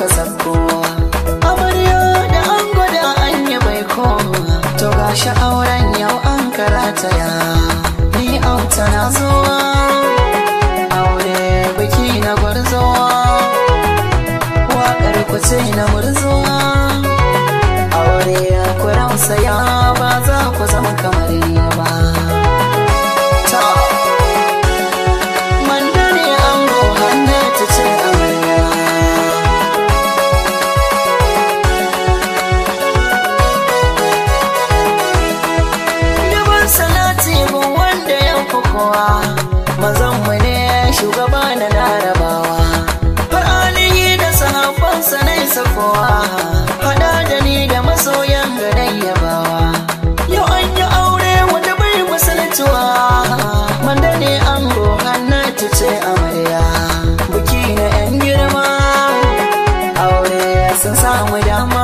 ka sako amarya da an gwada an yi mai koma to gashi auren yau an karata ya ni auta na zuwa aure biki na gwarzowa waƙar kuce na murzowa aure ya kuransa ya ba za ku zama kamar ni kowa mazanmu ne shugaba na larabawa fa'alihi da sahabbansa na isa kowa hada da ni da masoyan garin yabawa yau an yi aure wata bai musaltuwa manda ne an gohanna ta ce amarya buki na yan girma aure sun samu dama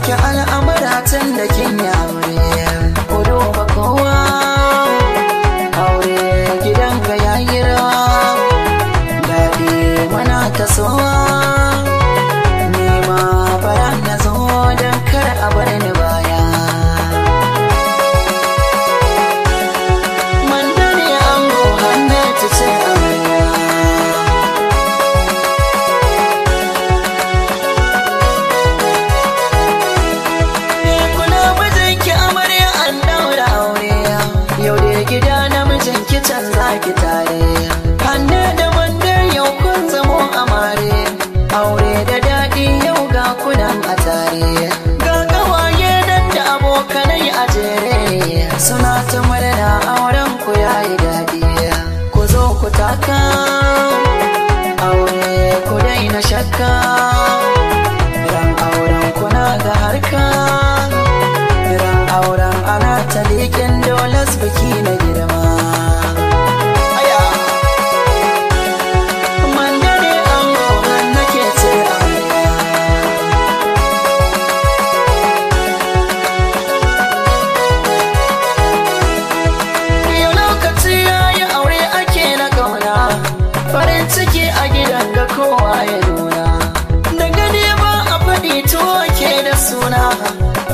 ki al'amura tun da kin yi aure ku duba kowa aure gidan ga yayi rawa daɗi mana kasowa cikin kicin za ki tare hannu da mandar yau kun zamo amare aure da daɗi yau ga kunan a tare ga gawaye nan da abokanai a jere suna ta murna auren ku yayi daɗi ku zo ku taka aure ku daina shakka ran auren harka ran auren ana ta leƙen biki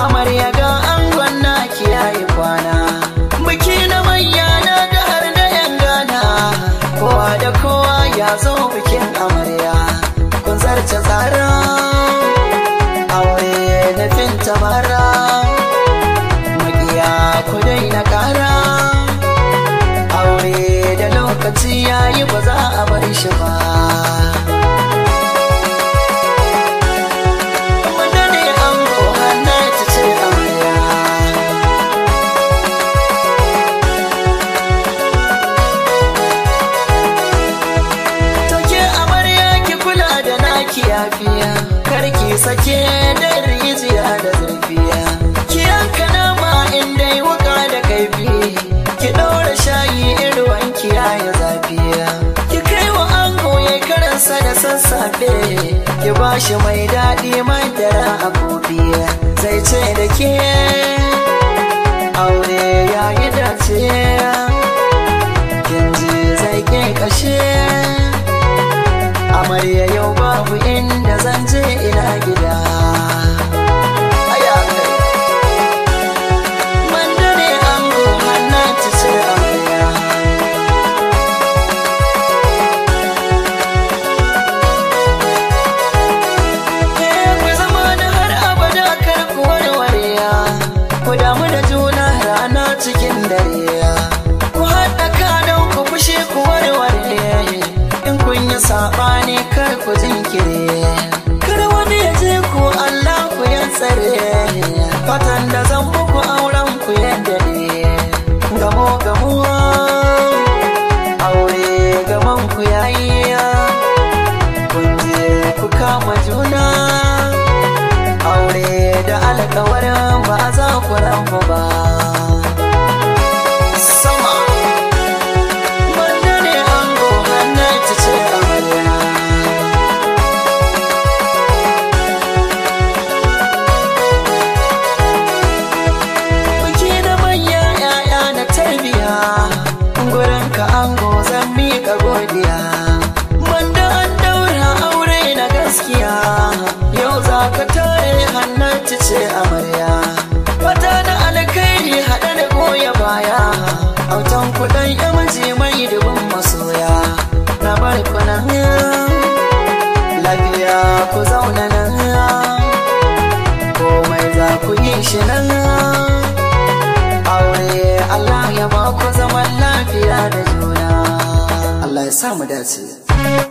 amarya ga angon na kiyaye kwana biki na manya na har da yan gana kowa da kowa ya zo bikin amarya kun zarce tsara aure nufin tabara magiya ku daina kara aure da lokaci yayi ba za a bar shi ba yafiya karki sake da rijiya da zurfiya ki yanka nama in dai wuka da kaifi ki ɗora shayi irwan kiyaye zafiya ki kai wa ango ya karansa da sassafe ki ba shi mai daɗi madara a gobiya zai ce da ke aure ya yi dace fatan da zan muku auren ku yadda ne gamo gamo aure gaman ku yayi kun ku kama juna aure da alkawarin ba za ku rabu ba ya mu dace